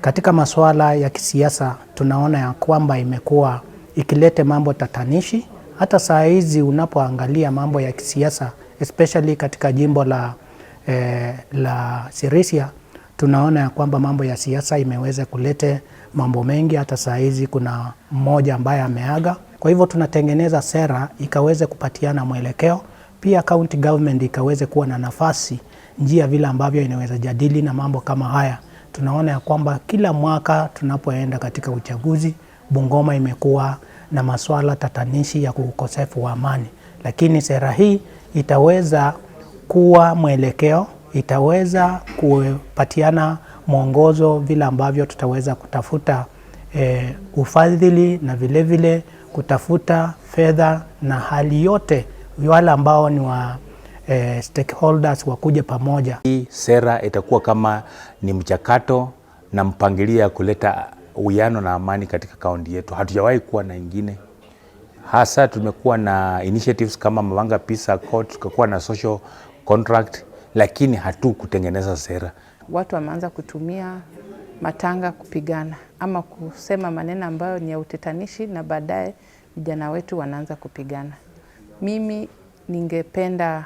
Katika masuala ya kisiasa tunaona ya kwamba imekuwa ikilete mambo tatanishi. Hata saa hizi unapoangalia mambo ya kisiasa especially katika jimbo la, eh, la Sirisia tunaona ya kwamba mambo ya siasa imeweza kulete mambo mengi. Hata saa hizi kuna mmoja ambaye ameaga. Kwa hivyo tunatengeneza sera ikaweze kupatiana mwelekeo, pia county government ikaweze kuwa na nafasi, njia vile ambavyo inaweza jadili na mambo kama haya tunaona ya kwamba kila mwaka tunapoenda katika uchaguzi, Bungoma imekuwa na masuala tatanishi ya ukosefu wa amani, lakini sera hii itaweza kuwa mwelekeo, itaweza kupatiana mwongozo vile ambavyo tutaweza kutafuta e, ufadhili na vilevile vile kutafuta fedha na hali yote wale ambao ni wa eh, stakeholders wakuja pamoja. Hii sera itakuwa kama ni mchakato na mpangilio ya kuleta uwiano na amani katika kaunti yetu. Hatujawahi kuwa na ingine, hasa tumekuwa na initiatives kama Mavanga Peace Accord, tukakuwa na social contract, lakini kutengeneza sera. Watu wameanza kutumia matanga kupigana ama kusema maneno ambayo ni ya utetanishi, na baadaye vijana wetu wanaanza kupigana. Mimi ningependa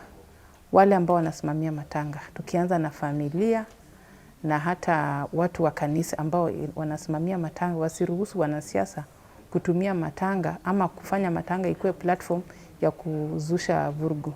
wale ambao wanasimamia matanga, tukianza na familia na hata watu wa kanisa ambao wanasimamia matanga, wasiruhusu wanasiasa kutumia matanga ama kufanya matanga ikuwe platform ya kuzusha vurugu.